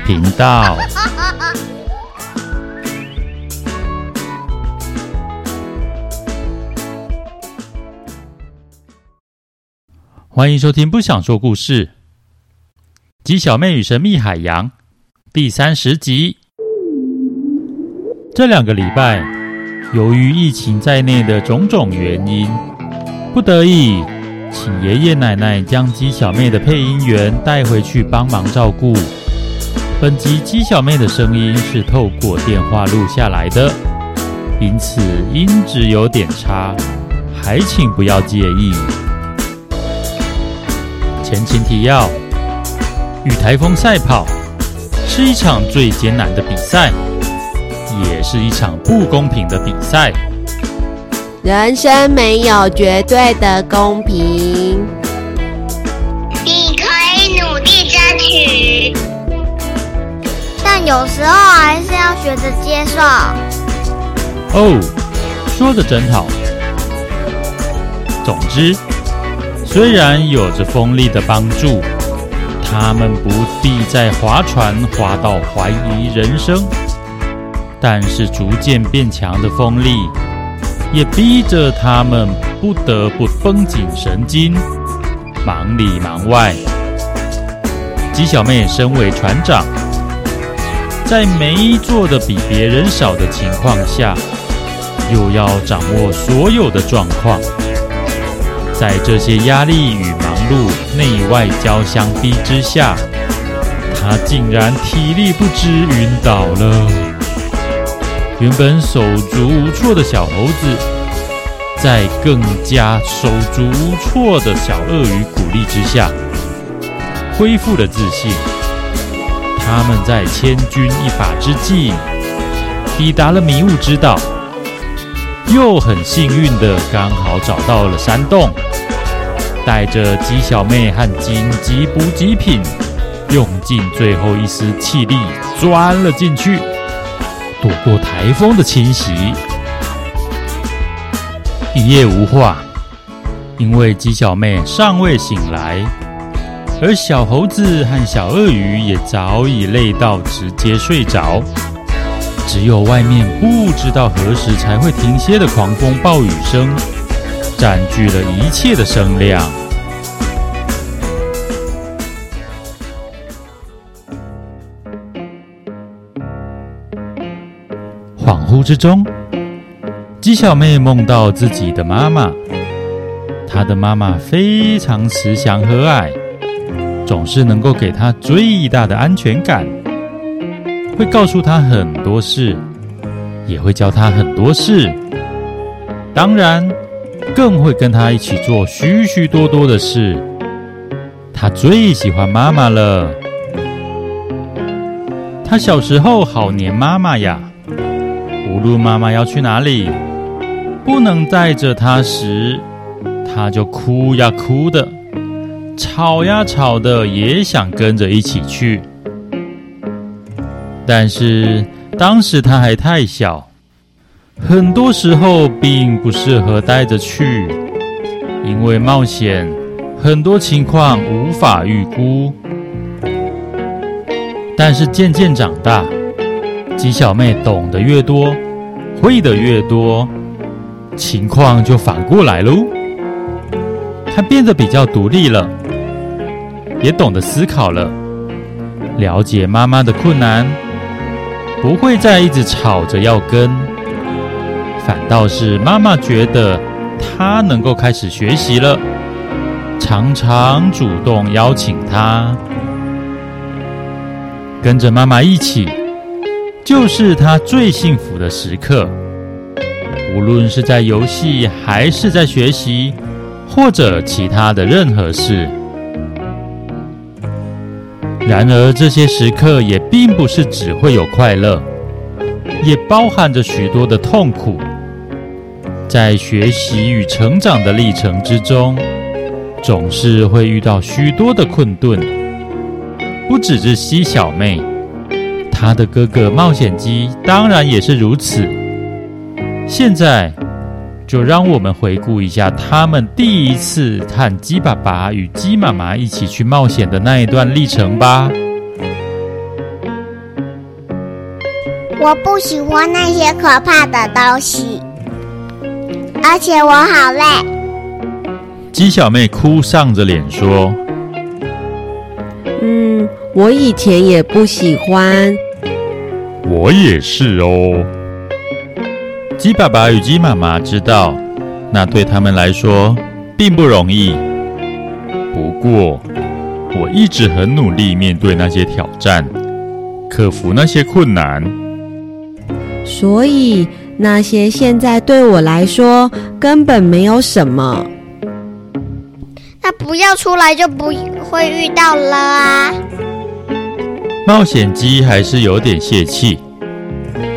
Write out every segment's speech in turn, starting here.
頻道，歡迎收聽不想說故事《雞小妹與神秘海洋》第三十集。這兩個禮拜，由於疫情在內的種種原因，不得已，請爺爺奶奶將雞小妹的配音員帶回去幫忙照顧。本集雞小妹的聲音是透過電話錄下來的，因此音質有點差，還請不要介意。前情提要：與颱風賽跑是一場最艱難的比賽，也是一場不公平的比賽。人生沒有絕對的公平。有時候還是要學着接受。哦，oh, 說得真好。總之，雖然有着風力的幫助，他們不必再划船划到懷疑人生，但是逐漸變強的風力也逼着他們不得不繃緊神經，忙裡忙外。雞小妹身為船長。在沒做的比別人少的情況下，又要掌握所有的狀況，在這些壓力與忙碌內外交相逼之下，他竟然體力不支暈倒了。原本手足無措的小猴子，在更加手足無措的小鱷魚鼓勵之下，恢復了自信。他們在千鈞一髮之際抵達了迷霧之島，又很幸運地剛好找到了山洞，帶着雞小妹和緊急補給品，用盡最後一絲氣力鑽了進去，躲過颱風的侵襲。一夜無話，因為雞小妹尚未醒來。而小猴子和小鱷魚也早已累到直接睡着，只有外面不知道何時才會停歇的狂風暴雨聲，佔據了一切的聲量。恍惚之中，雞小妹夢到自己的媽媽，她的媽媽非常慈祥和藹。總是能夠給她最大的安全感，會告訴她很多事，也會教她很多事，當然，更會跟她一起做許許多多的事。她最喜歡媽媽了，她小時候好黏媽媽呀，無論媽媽要去哪裡，不能帶着她時，她就哭呀哭的。吵呀吵的，也想跟着一起去，但是當時他還太小，很多時候並不適合帶着去，因為冒險很多情況無法預估。但是漸漸長大，雞小妹懂得越多，會的越多，情況就反過來嘍。她變得比較獨立了。也懂得思考了，了解媽媽的困難，不會再一直吵着要跟，反倒是媽媽覺得她能夠開始學習了，常常主動邀請她跟着媽媽一起，就是她最幸福的時刻。無論是在遊戲，還是在學習，或者其他的任何事。然而，這些時刻也並不是只會有快樂，也包含着許多的痛苦。在學習與成長的歷程之中，總是會遇到許多的困頓。不只是雞小妹，她的哥哥冒險雞當然也是如此。現在。就讓我們回顧一下他們第一次看雞爸爸與雞媽媽一起去冒險的那一段歷程吧。我不喜歡那些可怕的東西，而且我好累。雞小妹哭喪着臉說：“嗯，我以前也不喜歡。”我也是哦。雞爸爸與雞媽媽知道，那對他們來說並不容易。不過，我一直很努力面對那些挑戰，克服那些困難。所以，那些現在對我來說根本沒有什麼。那不要出來就不會遇到了啊！冒險雞還是有點洩氣。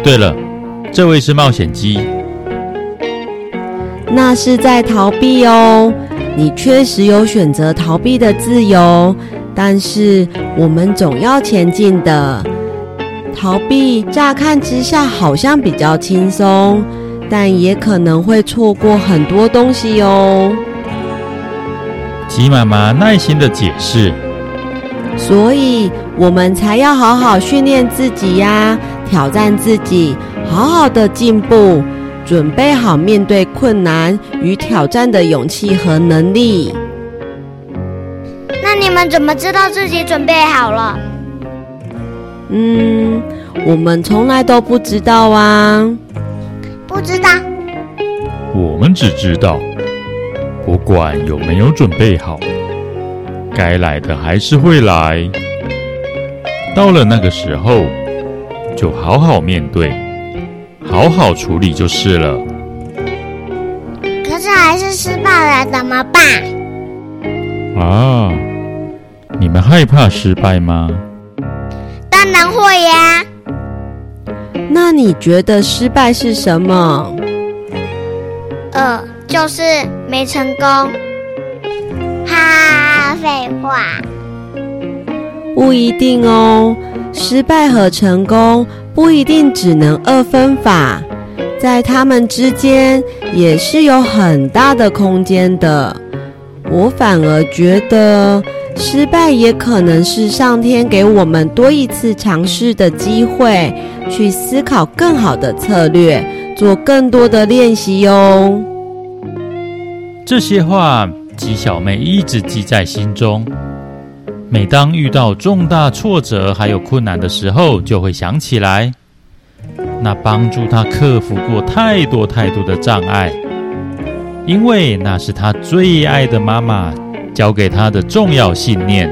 對了。這位是冒險雞，那是在逃避哦。你確實有選擇逃避的自由，但是我們總要前進的。逃避乍看之下好像比較輕鬆，但也可能會錯過很多東西喲、哦。雞媽媽耐心的解釋，所以我們才要好好訓練自己呀、啊，挑戰自己。好好的進步，準備好面對困難與挑戰的勇氣和能力。那你們怎麼知道自己準備好了？嗯，我們從來都不知道啊，不知道。我們只知道，不管有沒有準備好，該來的還是會來。到了那個時候，就好好面對。好好處理就是了。可是還是失敗了，怎麼辦？啊！你們害怕失敗嗎？當然會呀。那你覺得失敗是什麼？呃，就是沒成功。哈，廢話。不一定哦。失敗和成功不一定只能二分法，在他們之間也是有很大的空間的。我反而覺得，失敗也可能是上天給我們多一次嘗試的機會，去思考更好的策略，做更多的練習喲、哦。這些話，雞小妹一直記在心中。每當遇到重大挫折還有困難的時候，就會想起來，那幫助他克服過太多太多的障礙，因為那是他最愛的媽媽教給他的重要信念。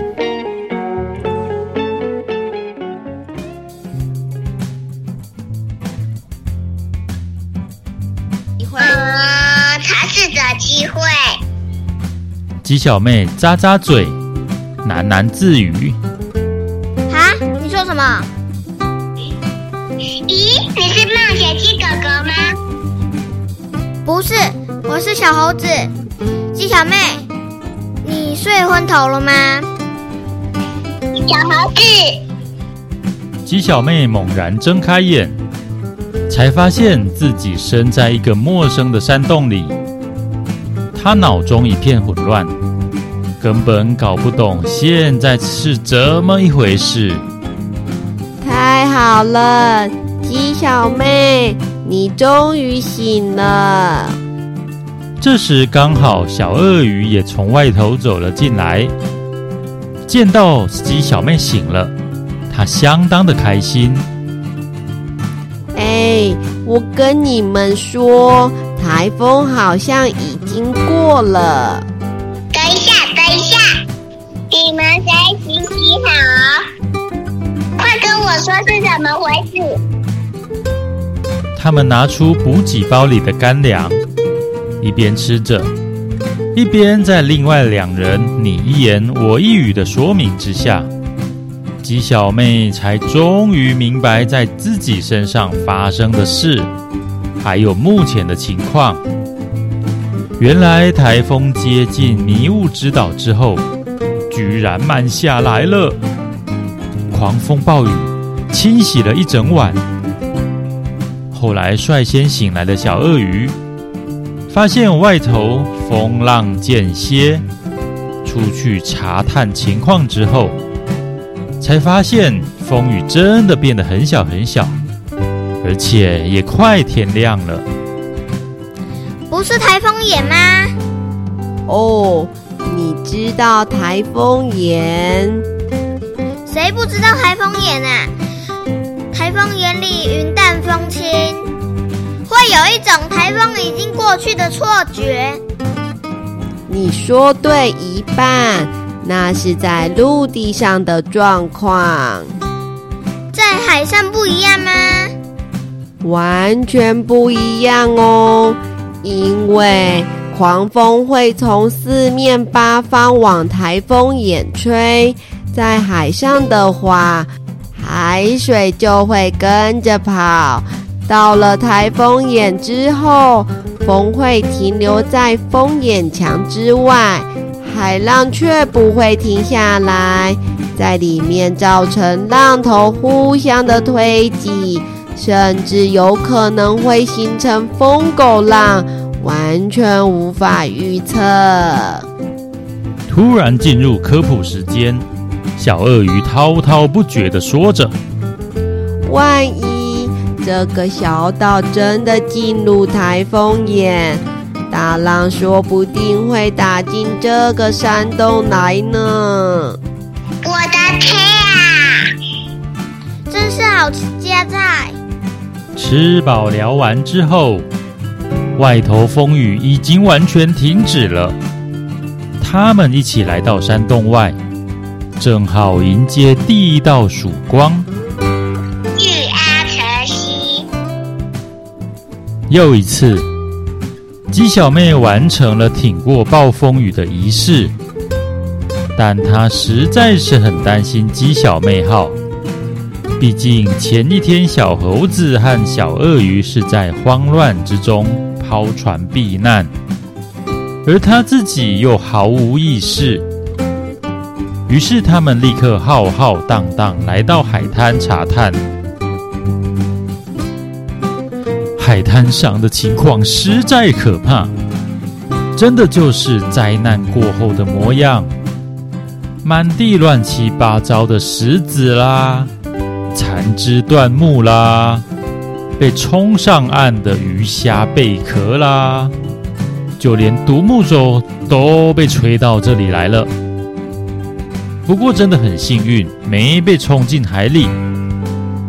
一會兒，嘗試著機會。雞小妹咂咂嘴。喃喃自語：“啊，你說什麼？咦，你是冒險雞哥哥嗎？不是，我是小猴子雞小妹。你睡昏頭了嗎？小猴子雞小妹猛然睜開眼，才發現自己身在一個陌生的山洞裡，她腦中一片混亂。”根本搞不懂現在是怎麼一回事。太好了，雞小妹，你終於醒了。這時剛好小鱷魚也從外頭走了進來，見到雞小妹醒了，他相當的開心。哎，我跟你們說，台風好像已經過了。你們誰洗洗好，哦？快跟我說是怎麼回事！他們拿出補給包裡的乾糧，一邊吃着，一邊在另外兩人你一言我一語的說明之下，雞小妹才終於明白在自己身上發生的事，還有目前的情況。原來台風接近迷霧之島之後。居然慢下來了。狂風暴雨清洗了一整晚，後來率先醒來的小鱷魚發現外頭風浪漸歇，出去查探情況之後，才發現風雨真的變得很小很小，而且也快天亮了。不是台風眼嗎？哦。知道台風眼？誰不知道台風眼啊？台風眼裡雲淡風輕，會有一種台風已經過去的錯覺。你說對一半，那是在陸地上的狀況，在海上不一樣嗎？完全不一樣哦，因為。狂風會從四面八方往颱風眼吹，在海上的話，海水就會跟着跑。到了颱風眼之後，風會停留在風眼牆之外，海浪卻不會停下來，在裡面造成浪頭互相的推擠，甚至有可能會形成瘋狗浪。完全無法預測。突然進入科普時間，小鱷魚滔滔不絕的說着：“萬一這個小島真的進入颱風眼，大浪說不定會打進這個山洞來呢。”我的天啊！真是好吃佳菜。吃飽聊完之後。外頭風雨已經完全停止了，他們一起來到山洞外，正好迎接第一道曙光。日阿晨曦。又一次，雞小妹完成了挺過暴風雨的儀式，但她實在是很擔心雞小妹號，畢竟前一天小猴子和小鱷魚是在慌亂之中。拋船避難，而他自己又毫無意識，於是他們立刻浩浩蕩蕩來到海灘查探。海灘上的情況實在可怕，真的就是災難過後的模樣，滿地亂七八糟的石子啦，殘枝斷木啦。被沖上岸的魚蝦貝殼啦，就連獨木舟都被吹到這裡來了。不過真的很幸運，沒被沖進海裡，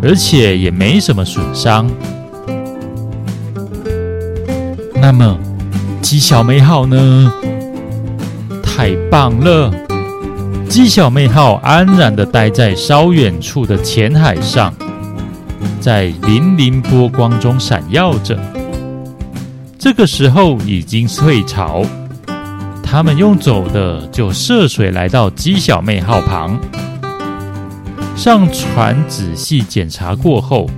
而且也沒什麼損傷。那麼，雞小妹號呢？太棒了！雞小妹號安然地待在稍遠處的淺海上，在粼粼波光中閃耀着。這個時候已經退潮，他們用走的就涉水來到雞小妹號旁，上船仔細檢查過後，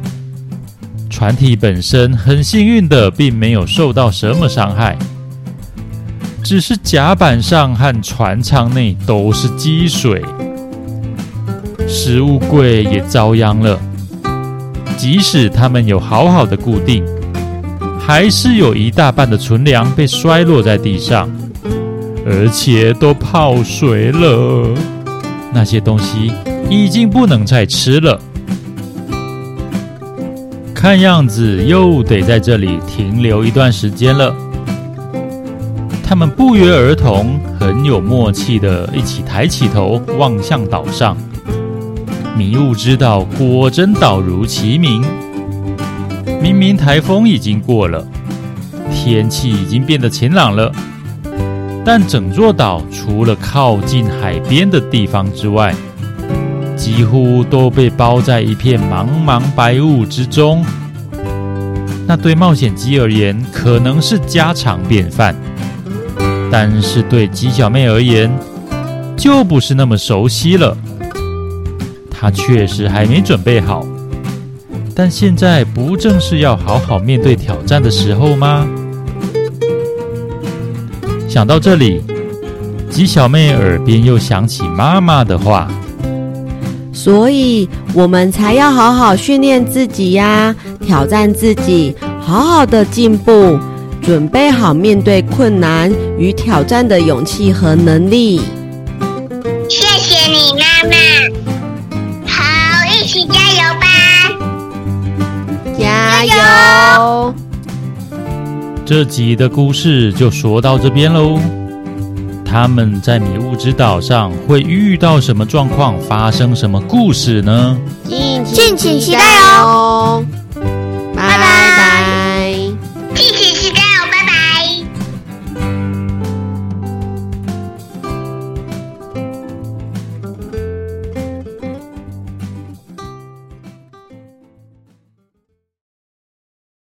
船體本身很幸運的並沒有受到什麼傷害，只是甲板上和船艙內都是積水，食物櫃也遭殃了。即使他們有好好的固定，還是有一大半的存糧被摔落在地上，而且都泡水了。那些東西已經不能再吃了。看樣子又得在這裡停留一段時間了。他們不約而同，很有默契的，一起抬起頭望向島上。迷霧之島果真島如其名，明明颱風已經過了，天氣已經變得晴朗了，但整座島除了靠近海邊的地方之外，幾乎都被包在一片茫茫白霧之中。那對冒險雞而言可能是家常便飯，但是對雞小妹而言就不是那麼熟悉了。他確實還沒準備好，但現在不正是要好好面對挑戰的時候嗎？想到這裡，雞小妹耳邊又想起媽媽的話：“所以我們才要好好訓練自己呀、啊，挑戰自己，好好的進步，準備好面對困難與挑戰的勇氣和能力。”謝謝你，媽媽。這集的故事就說到這邊嘍，他們在迷霧之島上會遇到什麼狀況？發生什麼故事呢？敬請期待哦。